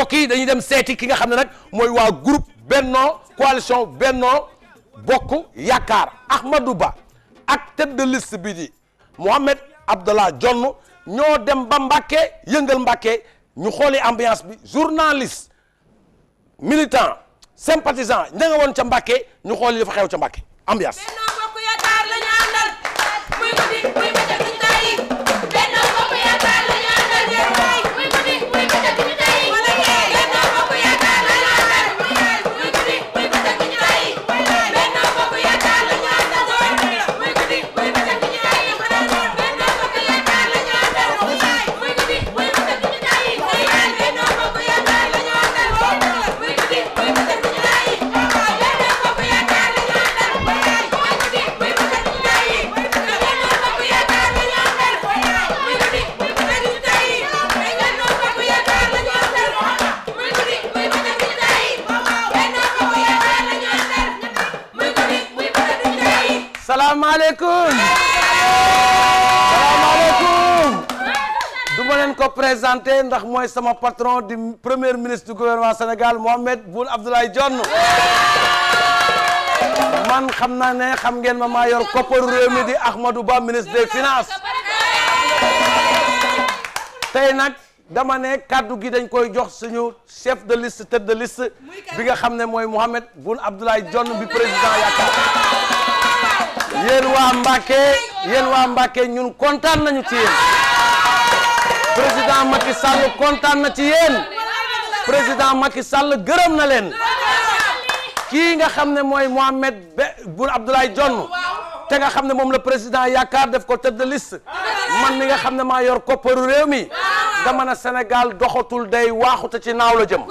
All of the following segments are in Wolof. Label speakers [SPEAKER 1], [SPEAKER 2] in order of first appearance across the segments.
[SPEAKER 1] mbokk yi dañuy dem seeti ki nga xam ne nag mooy waa group Benno coalition Benno Bokk Yaakaar Ahmadou Ba ak tête de liste bi di Mohamed Abdallah Dionne ñoo dem ba Mbacké yëngal Mbacké ñu xooli ambiance bi journaliste militant sympathisant ña nga woon ca Mbacké ñu xooli dafa xew ca Mbacké ambiance salaamaaleykum du ma leen ko présenté ndax mooy sama patron di premier ministre du gouvernement Sénégal Mohamed Boun Abdallah Dionne man xam naa ne xam ngeen ma maa yor kopparu réew mi di Ahmadou Ba ministre des finances tey nag dama ne kaddu gi dañ koy jox suñu chef de liste tête de liste bi xam ne mooy Mohamed Boun Abdallah Dionne bi président yaakaar yéen waa Mbacké yéen waa Mbacké ñun kontaan nañu ci yéen président Macky Sall kontaan na ci yéen président Macky Sall gërëm na leen kii nga xam ne mooy Mohamed Boun Abdallah Dionne te nga xam ne moom la président yaakaar def ko tête de liste man mi nga xam ne maa yor kopparu réew mi dama ne Sénégal doxatul day waaxute ci naaw la jëm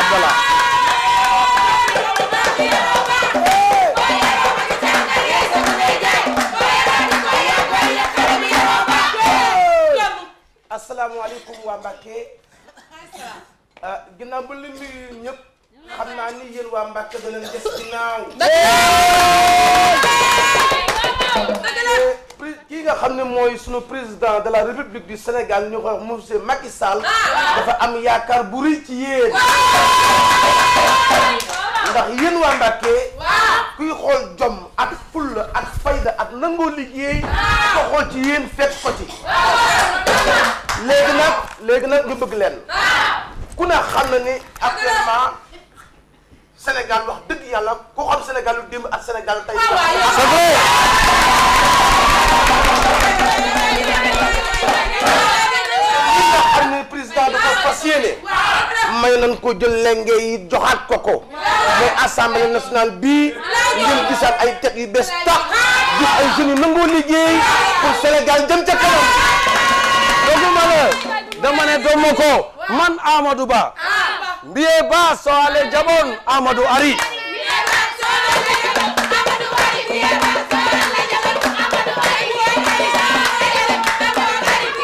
[SPEAKER 1] Abdallah Touba Mbacké ah ginnaaw ba li nuyu ñëpp xam naa ni yéen waa Mbacké da leen des ginnaaw. kii nga xam ne mooy sunu président de la république du Sénégal ñu koy wax monsieur Macky Sall dafa am yaakaar ci yéen ndax yéen waa Mbacké kuy xool jom ak fulla ak ko ci yéen fekk ko ci léegi nag ñu bëgg leen ku ne xam na ni actuellement Sénégal wax dëgg yàlla ku xam Sénégal lu démb ak Sénégal tey. Ah, may nañ ko jël lenge yi joxaat ko ko mooy assemblée nationale bii ngeen gisaat ay teg yu bees tax ay jeunes yu nangoo liggéey pour Sénégal jëm ca kanam dama ne domo ko man Amadou Ba ah. mbiye ba so ale jabon Amadou Ari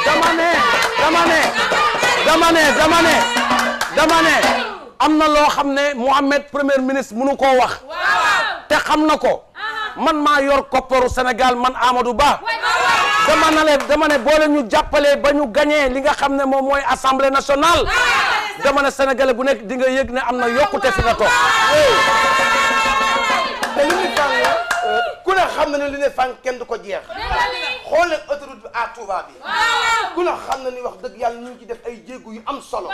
[SPEAKER 1] dama ne dama ne dama ne dama ne dama ne am na loo xam ne Mohamed premier ministre mënu koo wax te xam na ko ah. man maa yor kopparu Sénégal man Amadou Ba dama na leen dama boo leen ñu jàppalee ba ñu gañee li nga xam ne moom mooy assemblée nationale dama ne sénégalais bu nekk di nga yëg ne am na yokkute fi nga toog ku ne xam na ne li ne fànk kenn du ko jeex xool leen autoroute bi à Touba bi ku ne xam na ni wax dëgg yàlla ñu ci def ay jéego yu am solo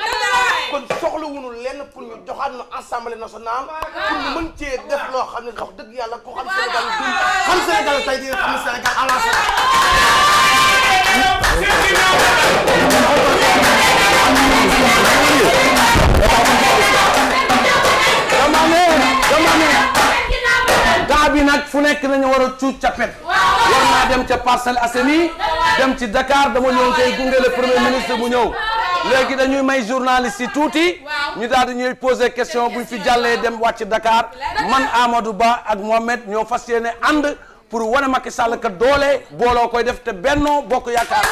[SPEAKER 1] kon soxla wunu lenn pour ñu joxaat nu assemblée nationale pour ñu mën cee def loo xam ne wax dëgg yàlla ku xam Sénégal dund xam Sénégal tey di xam Sénégal avancé fu nekk nañu war a cuuc capet war naa dem ca Parcelles Assainies dem ci dakaar dama ñëw tey gunge le premier ministre mu ñëw léegi dañuy may journaliste yi tuuti ñu daal di ñuy poser question buñ fi jàllee dem wàcc dakaar man Amadou Ba ak Mohamed ñoo fas yéene ànd pour wane Macky Sall ka doole booloo koy def te Benno Bokk Yaakaar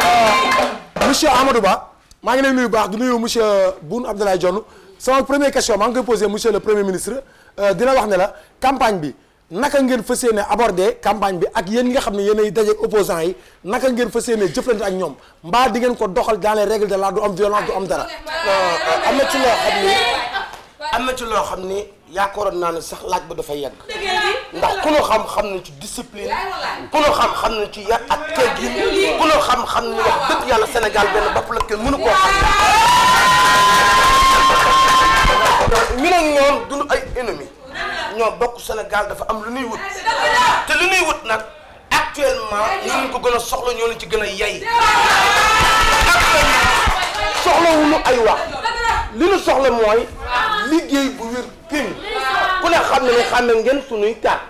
[SPEAKER 1] ah. monsieur Amadou Ba maa ngi lay nuyu baax di nuyu monsieur Boun Abdallah Dionne sama première question maa ngi koy posé monsieur le premier ministre Euh, dina wax ne la campagne bi naka ngeen fas yéene aborder campagne bi ak yéen ñi nga xam ne yéen ay daje opposants yi naka ngeen fas yéene jëflante ak ñoom mbaa di ngeen ko doxal dans les règles de l'art du am violence du am dara. Euh, am na ci loo xam ni am na ci loo xam ni yaakaaroon naa ne sax laaj ba dafa yàgg ndax ku ñu xam xam nañ ci discipline ku ñu xam xam nañ ci yar ak teggin ku ñu xam xam ni wax dëgg yàlla Sénégal benn bopp la kenn mënu koo xam. ñu ne ñoom duñu ay ennemi ñoo bokk Sénégal dafa am lu ñuy wut te lu ñuy wut nag actuellement ñu ko gën a soxla ñoo leen ci gën a yey soxlawuñu ay wax li ñu soxla mooy liggéey bu wér pin ku ne xam ne ne ngeen suñuy carte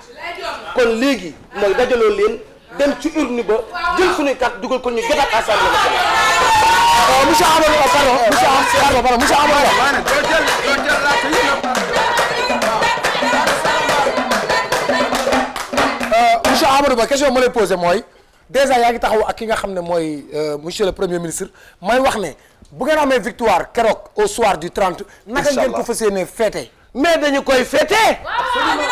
[SPEAKER 1] kon léegi mooy dajaloo leen dem ci urne ba jël suñuy carte dugal ko ñu jotaat assemblée nationale monsieur Amadou Ba pardon monsieur Amadou Ba pardon Amadou Ba question ma lay posé mooy déjà yaa ngi taxaw ak ki nga xam ne mooy monsieur le premier ministre may wax ne bu ngeen amee victoire keroog au soir du 30. naka ngeen ko fas féete. mais dañu koy féete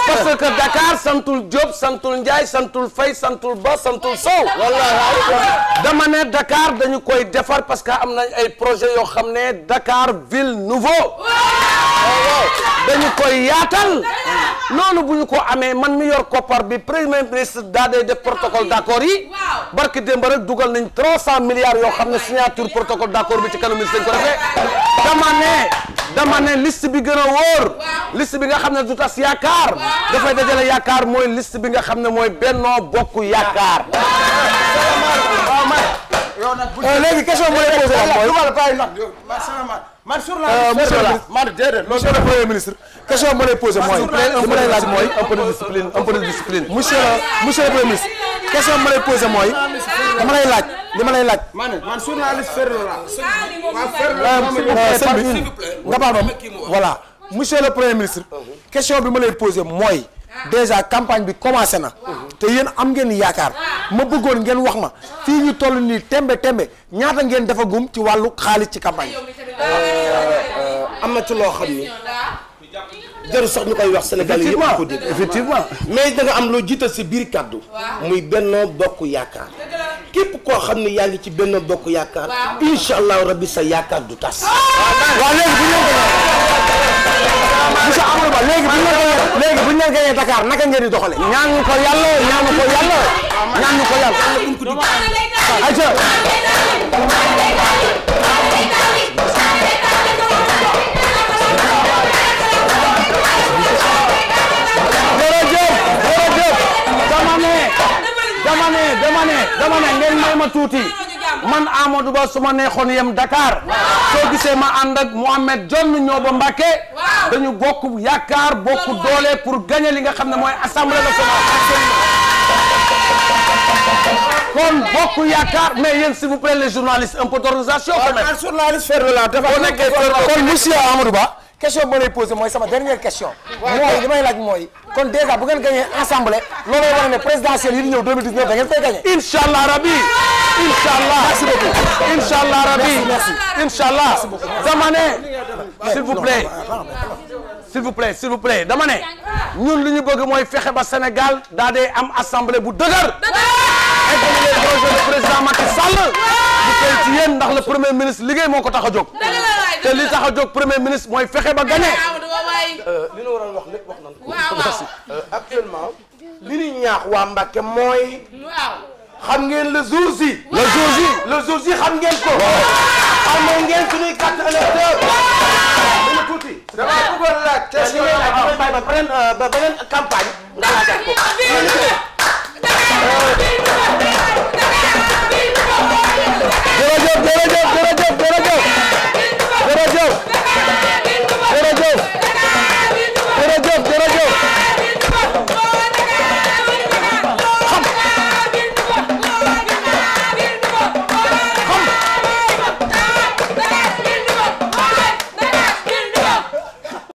[SPEAKER 1] parce que Dakar santul Diop santul Ndiaye santul Faye santul Ba santul Sow. dama ne Dakar dañu koy defar parce que am nañ ay projet yoo xam ne Dakar ville nouveau. dañu koy yaatal noonu bu ñu ko amee man mi yor koppar bi premier ministre daa dee yi barki démb rek dugal nañ trois cent milliards yoo xam ne signature protocole d' accord bi ci kanam ministre dañ ne dama bi gën a wóor list bi nga xam ne du tas yaakaar dafay dajale yaakaar mooy liste bi nga xam ne mooy bennoo bokk yaakaar euh, léegi question bu lay posé mooy man sur la monsieur le premier ministre question bi ma lay posé mooy li ma lay laaj mooy un peu discipline un peu discipline monsieur le premier ministre question bi ma lay posé mooy dama lay laaj li ma lay laaj. man sur la liste Ferlo la euh, euh, sëñ bi nga baal ma voilà monsieur le premier ministre question bi ma lay posé déjà campagne bi commencé na. te yéen am ngeen yaakaar ma bëggoon ngeen wax ma fii ñu toll nii tembe tembe ñaata ngeen dafa gum ci wàllu xaalis ci campagne bi. Euh, am na ci loo xam ni jarul sax ñu koy wax Sénégal yëpp ñu ko dégg effectivement mais da am loo jiital si biir kàddu. muy Benno Bokk Yaakaar. képp koo xam ne yaa ngi ci Benno Bokk Yaakaar. incha allah rabbi sa yaakaar du tas. Ah! waaw léegi bu monsieur Amadou Ba léegi bu ñu leen léegi bu ñu leen gagné Dakar naka ngeen di doxale ñaan ñu ko yàlla ñaan ñu ko yàlla ñaan ñu ko yàlla ayca dama ne dama ne dama ne ngeen may ma tuuti man Amadou Ba su ma neexoon yem Dakar soo gisee ma ànd ak Mouhamed Dionne ñoo ba Mbacké dañu bokk yaakaar bokk doole pour gagner li nga xam ne mooy assemblée nationale kon bokk yaakaar mais yéen s'il vous plaît les journalistes un peu d'organisation quand ah, même. waaw journaliste Ba. question bi mooy sama dernière question. mooy li may laaj mooy. kon déjà bu ngeen gagné assemblée. looloo ne présidentielle yi di ñëw 2019 da ngeen koy gagné. incha allah incha allah incha allah rabi incha allah dama ne s'il vous li ñu bëgg mooy fexe ba Sénégal daa dee am assemblée bu dëgër. examiner projet de président Macky Sall. bu koy ci yéen ndax le premier ministre liggéey moo ko tax a jóg. te li tax a jóg premier ministre mooy fexe ba gagné. Euh, li ñu waroon wax lépp wax nañ ko. Euh, actuellement li ñu ñaax waa Mbacke mooy. xam ngeen le jour ji. le jour ji le jour ji xam ngeen ko. amoon ngeen suñuy carte électeur. dama tuuti. dama bëggoon laaj. question yi laaj ba beneen euh, ba beneen campagne. nga laajaat ko. jërëjëf jërëjëf jërëjëf.